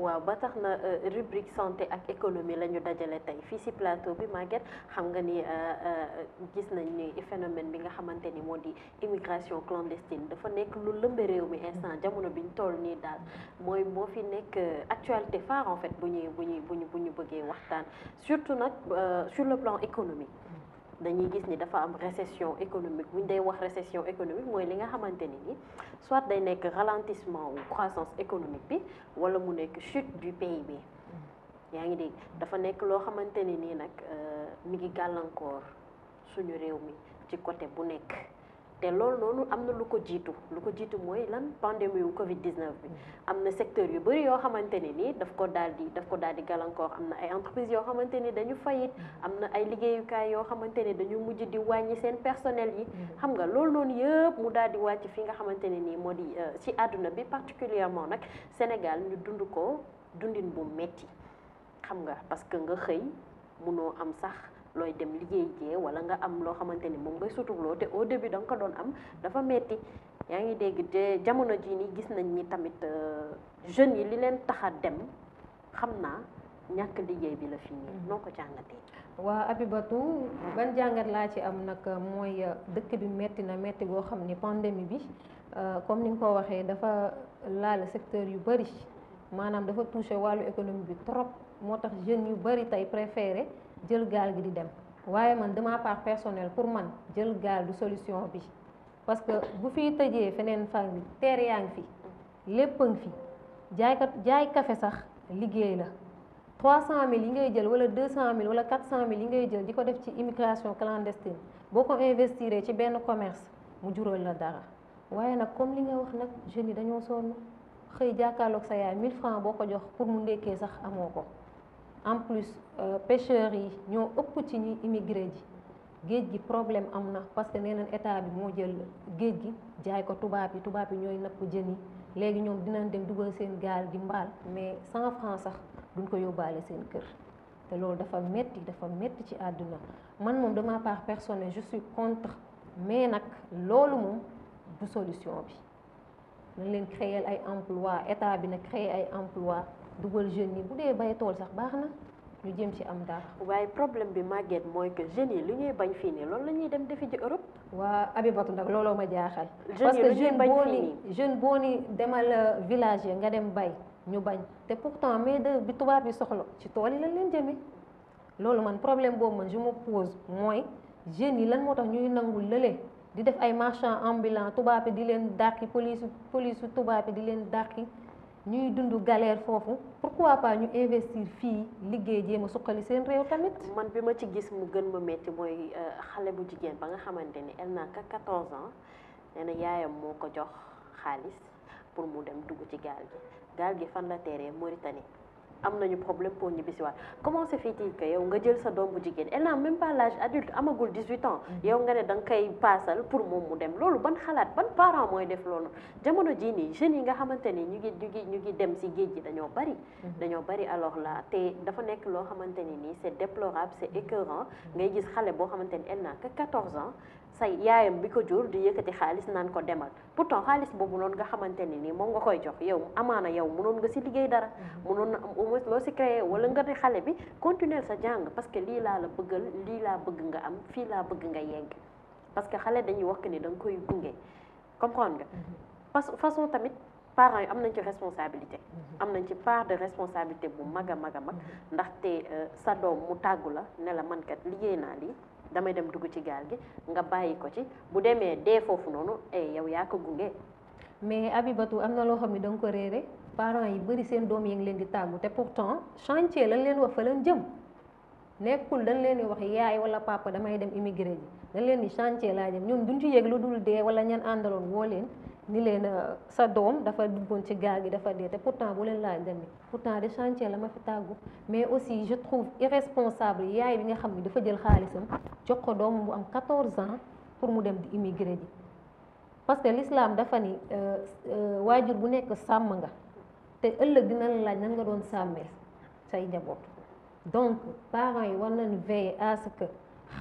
waaw ba tax na euh, rubrique santé ak économie lañu dajale tey fii si plateau bi Maguette xam nga ni euh, euh, gis nañ ni phénomène bi nga xamante ni moo di immigration clandestine dafa nekk lu lëmbe réew mi instant jamono biñ toll nii daal mooy moo fi nekk actualité phare en fait bu ñuy bu ñuy bu bu ñu bëggee waxtaan surtout nag sur le plan économique dañuy gis ni dafa am récession économique bu day wax récession économique mooy li nga xamante ni ni soit day nekk ralentissement ou croissance économique bi wala mu nekk chute du PIB yaa ngi dégg dafa nekk loo xamante ni nii nag euh, mi ngi gàllankoor suñu réew mi ci côté bu nekk te loolu noonu am na lu ko jiitu lu ko jiitu mooy lan pandémie wu Covid 19 bi mm-hmm. am na secteur yu bëri yoo xamante ne nii daf ko daal di daf ko daal di gàllankoor am na ay entreprise yoo xamante ne dañu fayit mm-hmm. am na ay liggéeyukaay yoo xamante ne dañu mujj di wàññi seen personnel yi mm-hmm. xam nga loolu noonu yëpp mu daal wàcc fi nga xamante ne nii moo di euh, ci àdduna bi particulièrement nag Sénégal ñu dund ko dundin bu metti xam nga parce que nga xëy mu noo am sax looy dem liggéey jee wala nga am loo xamante ni moom ngay suturloo te au début danga ko doon am dafa metti yaa ngi dégg te jamono jii nii gis nañ ni tamit euh, jeunes yi li leen tax dem xam naa ñàkk liggéey bi la fii nii mm-hmm. noo ko jàngatee. waa Abibatu ban jàngat laa ci am nag euh, mooy euh, dëkk bi metti na metti goo xam ni pandémie bi comme ni nga ko waxee dafa laal secteur yu bari maanaam dafa touché wàllu économie bi trop moo tax jeunes yu bari tey préféré. jël gaal gi di dem waaye man de ma part personnelle pour man jël gaal du solution bi parce que bu fiy tëjee feneen fan bi teer yaa ngi fi lépp ngi fi jaaykat jaay kafe sax liggéey la 300000 yi ngay jël wala 200000 wala 400000 yi ngay jël di ko def ci immigration clandestine boo ko investir ci benn commerce mu jural la dara waaye nag comme li nga wax nag jeunes yi dañoo sonn xëy jàkkaarloog sa yaay 1000 francs boo ko jox pour mu ndekkee sax amoo ko en plus euh, pêcheurs yi ñoo ëpp ci ñi immigré ji géej gi problème am na parce que nee nañ état bi moo jël géej gi jaay ko tubaab yi tubaab yi ñooy napp jën yi léegi ñoom dinañ dem dugal seen gaal di mbaal mais cent francs sax duñ ko yóbbaale seen kër te loolu dafa metti dafa metti ci àdduna man moom de ma part personnelle je suis contre mais nag loolu moom du solution bi nañ leen créer ay emploi état bi na créer ay emploi dugal jeunes yi bu dee bay tool sax baax na ñu jëm ci am dara. waaye problème bi màgget mooy que jeunes yi lu ñuy bañ fii nii loolu la ñuy dem defi ji Europe. waa Abibatou nag looloo ma jaaxal. parce que jeune boo ni jeune boo ni demal euh, village ya nga dem bay ñu bañ te pourtant mais de bi tubaab yi soxla ci tool yi lañ leen jëmee loolu man problème boobu man je pose mooy jeunes yi lan moo tax ñuy nangu lële di def ay marchand ambulant tubaab yi di leen dàq dàqi police police tubaab yi di leen dàqi ñuy dund galère foofu pourquoi pas ñu investir fii liggéey jéem a suqali seen réew tamit. man bi ma ci gis mu gën ma métti mooy euh, xale bu jigéen ba nga xamante ni elle n'a que 14 ans nee yaayam moo ko jox xaalis pour mu dem dugg ci gaal gi gaal gi fan la teeree Mauritanie. am nañu problème pour ñu bisiwaat comment se fait-il que yow nga jël sa dombu jigen elle n'a même pas l'âge adulte amagul 18 ans mm-hmm. yow nga né dang kay passal pour moom mu dem lolu ban xalat ban parent moy def lolu jamono jii nii jeunes yi nga xamanteni ñu ngi ñu ngi ngi dem si géej gi dañoo bari mm-hmm. dañoo bari alors là té dafa nek lo xamanteni ni c'est déplorable c'est écœurant mm-hmm. ngay gis xalé bo xamanteni elle n'a que 14 ans say yaayam bi ko jur di yëkkati xaalis naan ko demal pourtant xaalis boobu noonu nga xamante ni nii moom nga koy jox yow amaana yow mënoon nga si liggéey dara mm-hmm. mënoon na am au moins loo si créé wala nga ne xale bi continuer sa jàng parce que lii laa la bëggal lii laa bëgg nga am fii laa bëgg nga yegg parce que xale dañuy wax ni da nga koy gunge comprendre nga mm-hmm. parce façon tamit parent yi am nañ ci responsabilité mm-hmm. am nañ ci part de responsabilité bu mag a mag a mag ndax ndaxte euh, sa doom mu tàggu la nela la man kat liggéey naa lii damay dem dugg ci gaal gi nga bàyyi ko ci bu demee dee foofu noonu eh yow yaa ko gunge. mais Abibatou am na loo xam ne da nga ko réere parent yi bëri seen doom yi ngi leen di tàngu te pourtant chantier lañ leen wax fa leen jëm nekkul dañ leen di wax yaay wala papa damay dem immigré ji dañ leen di chantier laa jëm ñoom duñ ci yëg lu dul dee wala ñan àndaloon woo leen. ni leen euh, sa doom dafa duggoon ci gaal gi dafa dee te pourtant bu leen laaj demee pourtant de chantier la ma fi tàggu mais aussi je trouve irresponsable yaay bi nga xam ne dafa jël xaalisam jox ko doomam bu am 14 ans pour mu dem di immigré ji parce que l'islam dafa ni euh, euh, waajur bu nekk sàmm nga te ëllëg dina la laaj nan nga doon sàmmee say njaboot donc parents yi war nañu veiller à ce que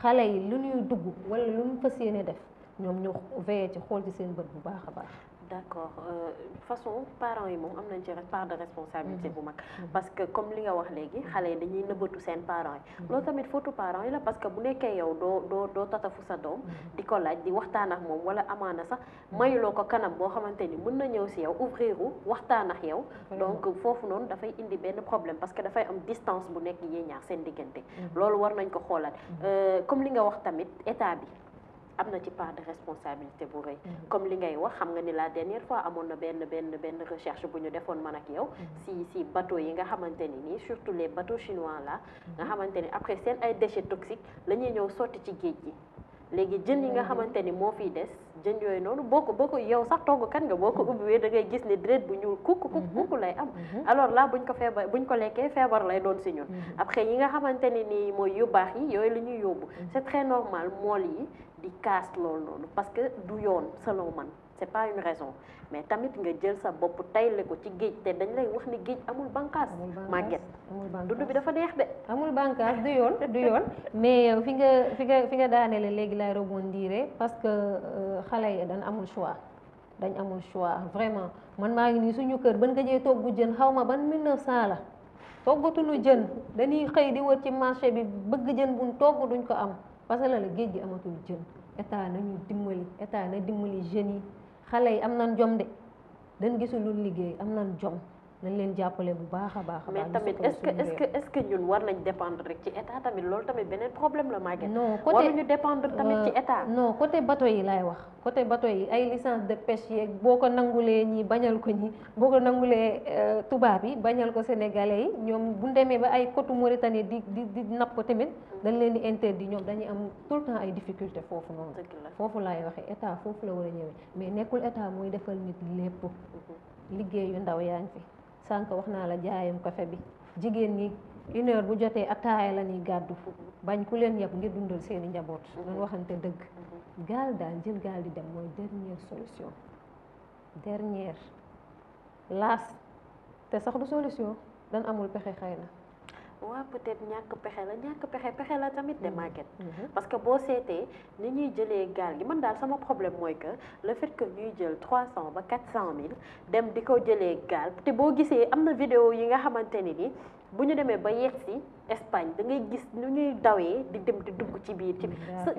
xale yi lu ñuy dugg wala lu ñu fas def ñom ñu veillé ci xol ci seen bët bu baax baax. d'accord euh, façon parents yi moom am nañ ci part de responsabilité mm-hmm. bu mag parce que comme li nga wax léegi mm-hmm. xale yi dañuy nëbbatu seen parents yi mm-hmm. loolu tamit fautu parents yi la parce que bu nekkee yow doo doo doo tatafu sa doom di ko laaj di waxtaan ak moom wala amaana sax mayuloo ko kanam boo xamante ni mën na ñëw si yow ouvrir u waxtaan ak yow donc foofu noonu dafay indi benn problème parce que dafay am distance bu nekk yee ñaar seen diggante loolu war nañ ko xoolaat euh, comme li nga wax tamit état bi am na ci part de responsabilité pour eux. Mhm. comme li ngay wax xam nga ni la dernière fois amoon na benn benn benn recherche pour nous defoon man ak yow mhm. si si bateau yi nga ni surtout les bateaux chinois là nga mhm. xamante après c'est ay déchets toxiques la ñuy ñëw sorti ci géej gi léegi jën yi nga xamante ni moo fiy des jën yooyu noonu boo ko boo ko yow sax kan nga da ngay gis ni dread bu ñuul kukk kukk la. lay am alors là buñ ko feebar buñ ko lekkee feebar lay doon après yi nga xamante ni nii mooy yu baax yi yobu. ñuy c'est très normal molly. yi di kaas loolu parce que du yoon selon man c'est pas une raison mais tamit nga jël sa bopp tayle ko ci géej te dañ lay wax ni géej amul bànqaas màgget dund bi dafa neex de amul bànqaas du yoon te du yoon mais euh, fi nga fi nga fi nga daaneele léegi lay rebondir parce que euh, xale yi dañ amul choix dañ amul choix vraiment man maa ngi nii suñu kër ba nga jee togg jën xaw ma ban 1900 la toggatuñu jën dañuy xëy di wër ci marché bi bëgg jën bu togg duñ ko am parce que la la géej gi amatul jën état nañu dimbali état na dimbali jeunes yi xale yi am na jom de dañ gisul lu liggéey am nañ jomm nañ leen jàppale bu baax a baax. mais tamit est-ce que est que est-ce que ñun war nañ dépendre rek ci état tamit loolu tamit beneen problème la Maguette. non côté waruñu dépendre tamit ci euh, état. non côté bato yi laay wax côté bateau yi ay licence de pêche yeeg boo ko nangulee ñi bañal ko ñi boo ko nangulee euh, tubaab yi bañal ko sénégalais yi ñoom bu demee ba ay côte Mauritanie di di di napp ko tamit dañ leen di interdit ñoom dañu am tout le temps ay difficulté foofu noonu. foofu laay waxee état foofu la war a ñëwee mais nekkul état mooy defal nit lépp mhm. liggéey yu ndaw yaa ngi fi. sànq wax naa la jaayam café bi jigéen ñi une bu jotee ataaya la ñuy gàddu bañ ku leen yab ngir dundal seeni njaboot loolu mm-hmm. waxante dëgg mm-hmm. gaal daal jël gaal di dem mooy dernière solution dernière laas te sax du solution dan amul pexe xëy na waa peut-être ñàkk pexe la ñàkk pexe pexe la tamit de màgget mm-hmm. mm-hmm. parce que boo seetee ni ñuy jëlee gaal gi man daal sama problème mooy que la fait que ñuy jël trois cent ba quatre cent mille dem di ko jëlee gaal te boo gisee am na video yi nga xamante ni ni bu ñu demee ba yegg si Espagne da ngay gis nu ñuy dawee di dem di dugg ci biir ci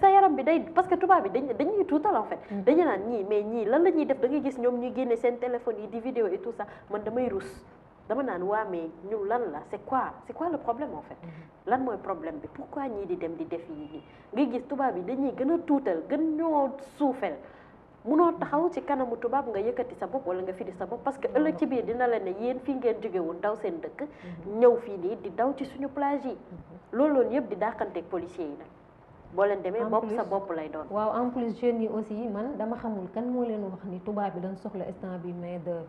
sa yaram bi day parce que tubaab yi dañ dañuy tuutal en fait mm-hmm. dañu naan ñii mais ñii lan la ñuy def da ngay gis ñoom ñu génne seen téléphone yi di vidéo et man damay rus dama naan waa mais ñun lan la c'est quoi c'est quoi le problème en fait mm-hmm. lan moy problème bi pourquoi ñi di dem di def yi nga gis tubaab bi dañuy gëna toutal tuutal gën ñoo suufel munoo mm-hmm. taxaw ci kanamu tubaab nga yëkëti sa bop wala nga fi di sa bop parce que ëllëg ci bi dina la né yeen fi ngeen jógewul daw seen dëkk mm-hmm. ñëw fi ni di daw ci suñu plage yi looloon yëpp di dakanté ak policier yi nak bo leen démé bop sa bop lay doon waaw en plus jeunes ni aussi man dama xamul kan mo leen wax ni tubaab bi dañ soxla instant bi main d'œuvre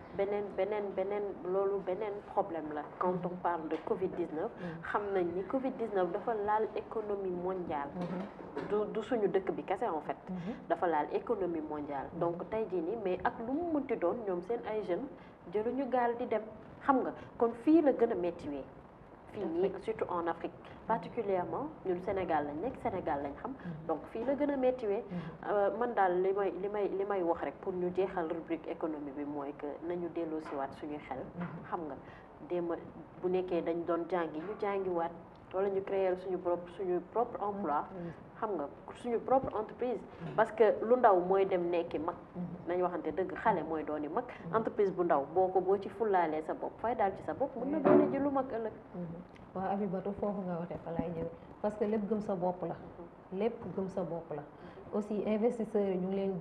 benen benen benen lolu benen problème la quand mm-hmm. on parle de Covid-19 mm-hmm. xamnañ ni Covid-19 dafa laal économie mondiale mm-hmm. du du suñu dëkk bi kese en fait dafa laal économie mondiale donc tay di ni mais ak lu mu munti doon ñom seen ay jeunes jëluñu gal di dem xam nga kon fi la gëna a fii nii surtout en Afrique particulièrement ñun Sénégal lañ nekk Sénégal lañ xam mm-hmm. donc fii la gën a méttiwee mm-hmm. euh, man daal li may li may li may wax rek pour ñu jeexal rubrique économie bi mooy que nañu waat suñu xel mm-hmm. xam nga démb bu nekkee dañ doon jàngi ñu jàngiwaat wala ñu créel suñu propre suñu propre emploi xam nga propre entreprise parce que lu ndaw mooy dem nekki entreprise bu ndaw boo ko ci fullaalee sa bopp fay daal ci sa bopp mën na doone ji lu mm-hmm. nga parce que lépp gëm sa la lépp gëm sa la aussi ñu leen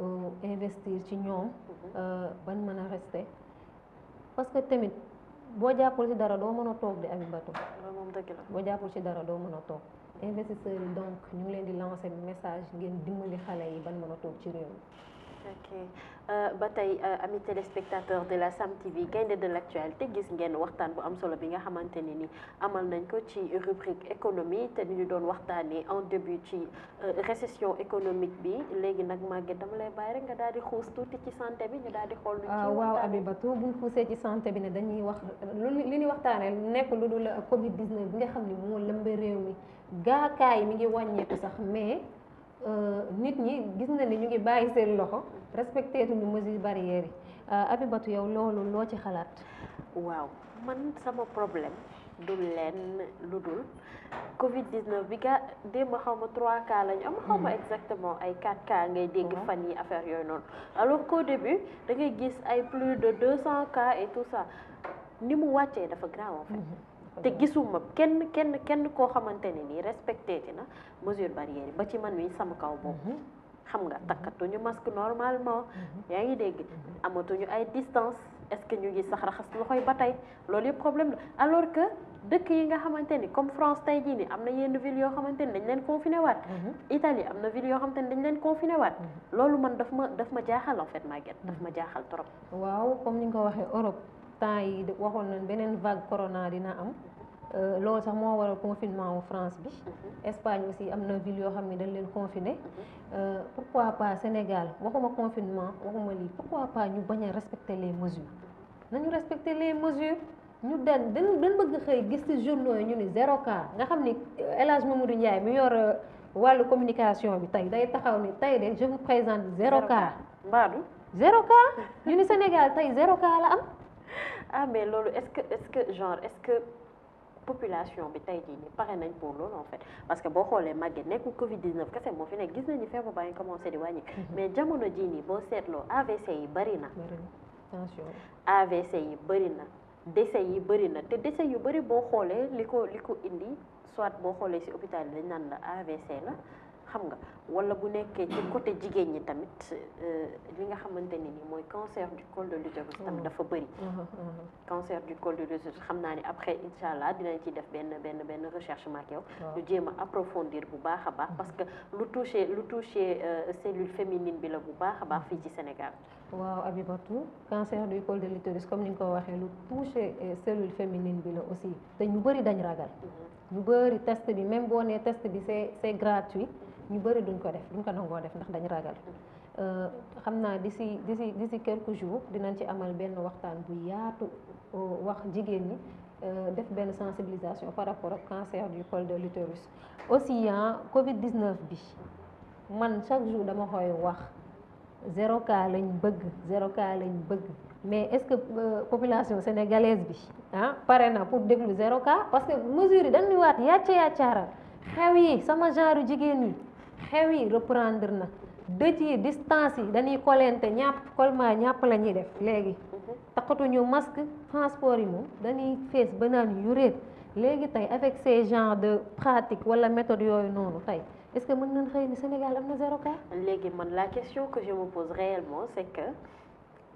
euh, investir ci mm-hmm. euh, parce que boo jàppul ci dara doo mën a toog di Ami Batou loolu moom dëgg la boo jàppul ci dara doo mën a toog investisseurs yi donc ñu ngi leen di lancer message ngeen dimbali xale yi ban mën a toog ci réew ok euh, ba tey euh, ami téléspectateur de la Sam TV gaynde de l'actualité gis ngeen waxtaan bu am solo bi nga ni amal nañ ko ci rubrique économie te ni ñu doon en début ci euh, récession économique bi léegi nag Maguette dama lay bàyyi rek nga daal di ci santé bi ñu daal di xool. ci ah, waaw Abibatou bu ñu ci santé bi ne dañuy wax lu li ñuy waxtaanee nekk lu dul Covid 19 bi nga xam ne moo réew mi gaakaay mi ngi sax mais. Euh, nit ñi gis na ni ñu ngi bàyyi seen loxo respecté tuñu mesures barrières yi euh, Abibatou yow loolu loo ci xalaat waaw man sama problème du leen lu dul covid 19 bi ga démb xaw ma trois cas lañu am hmm. exactement ay quatre cas ngay dégg hmm. fan yi affaire yooyu noonu alors qu'au bi da ngay gis ay plus de deux cents cas et tout ça ni mu wàccee dafa grave en fait hmm. te gisuma kenn kenn kenn koo xamante ne nii respecté ti na mesure barrière ba ci man mi sama kaw boobu mhm. xam nga mhm. takkatuñu masque normalement mhm. yaa ngi dégg amatuñu ay distance est-ce que ñu ngi sax raxas loxoy ba tey loolu yëpp problème la alors que dëkk yi nga xamante ni comme France tey jii ni am na yenn ville yoo xamante ni dañ leen confiné waat Italie am na ville yoo xamante ni dañ leen confiné waat loolu man daf ma daf ma jaaxal en fait magget daf ma jaaxal trop ni ko waxee Europe temps yi waxoon nañ beneen vague corona dina am euh loolu sax mo waral confinement wu France bi mhm. Espagne aussi am na ville yo xamni dañ leen confiner mhm. euh pourquoi pas Sénégal waxuma confinement waxuma li pourquoi pas ñu baña respecter les mesures nañu respecter les mesures ñu den dañ dañ bëgg xey gis ci journaux ñu ni 0 cas nga xamni ni El Mamadou Ndiaye mi yor euh, walu communication bi tay day taxaw ni tay de je vous présente 0 cas mbaadu 0 cas ñu ni Sénégal tay 0 cas la am ah mais loolu est-ce que est-ce que genre est-ce que population bi tey jii nii pare nañ pour loolu en fait parce que boo xoolee màgget nekku Covid 19 kese moo fi nekk gis nañu feebar baa ngi commencé di wàññi mhm. mais jamono jii ni boo seetloo AVC yi bëri na. AVC yi bëri na décès yi bëri na te décès yu bëri boo xoolee li ko indi soit boo xoolee si hôpital yi dañ naan la AVC la xam nga wala bu nekkee ci côté jigéen ñi tamit euh, li nga xamante ne ni mooy cancer du col de l'utérus tamit mm. dafa bëri mm-hmm, mm-hmm. cancer du col de l'utérus xam naa ne après incha allah dinañ ci def benn benn benn recherche maak yow ñu jéem a approfondir bu baax a baax mm-hmm. parce que lu touché lu touché euh, cellule féminine bi la bu baax a baax fii ci Sénégal waaw Abibatou cancer du col de l'utérus comme ni nga ko waxee lu touché euh, cellule féminine bi la aussi te ñu bëri dañ ragal ñu bëri test bi même boo nee test bi c'est c'est gratuit ñu bëri duñ ko def duñ ko nangoo def ndax dañ ragal euh, xam naa d'ici d'ici si quelques jours dinañ ci amal benn waxtaan bu yaatu euh, wax jigéen ñi euh, def benn sensibilisation par rapport ak cancer du col de l'utérus aussi en Covid 19 bi man chaque jour dama koy wax zéro cas lañ bëgg zéro cas lañ bëgg mais est-ce que population sénégalaise bi ah pare na pour déglu zéro cas parce que mesure yi dañuy waat yàcca yàccaaral xew yi sama genre jigéen yi xew reprendre na dëj yi distance yi dañuy kolente ñap colma ñap lañuy def légui mhm. takatu ñu masque transport yi mo dañuy fees ba yu reet légui tay avec ces genres de pratique wala méthode yooyu noonu tay est-ce que mën nañ xey ni Sénégal am na zéro cas légui man la question que je me pose réellement c'est que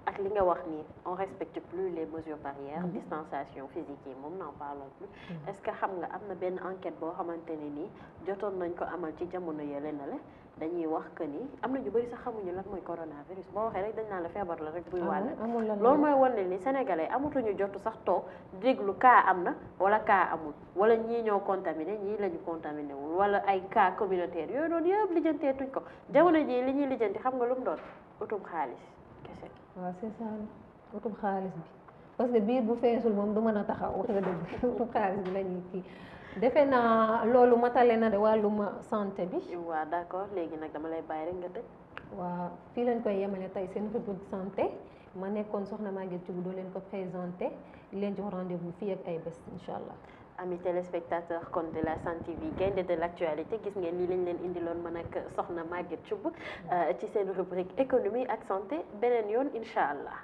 ak li nga wax ni on respecte plus les mesures barrières mm-hmm. distanciation physique yi moom n'en parlons plus mm-hmm. est-ce que xam nga amna ben enquête bo xamanteni ni nii jotoon nañ ko amal ci jamono yele na la dañuy wax que ni amna ñu bari sax xamuñu lan moy coronavirus bo waxe rek dañ naan la fièvre la rek buy ah, wàll lool moy wane ni sénégalais ñu jotu sax toog deglu cas amna wala cas amul wala ñi ñoo contaminé ñi lañu contaminé wul wala ay cas communautaire yooyu noonu yëpp lijjanteetuñ ko jamono jii li ñuy lijjanti xam nga lu mu doon utum xaalis kese waaw c'est ça utub xaalis bi parce que biir bu feesul moom du mën taxaw wax nga dëgg utub bi kii naa loolu de santé bi. waaw d'accord léegi nag dama lay bàyyi rek nga waaw fii lañ koy yemale tey seen rubrique santé ma nekkoon soxna Maguette Thioub doo leen ko rendez-vous fii ak ay bés incha ami téléspectateurs compte de la santé TV gaine de l'actualité qui ngeen lii lañ leen indiloon manak, ak soxna Maguette Thioub euh, ci rubrique économie ak santé inshallah.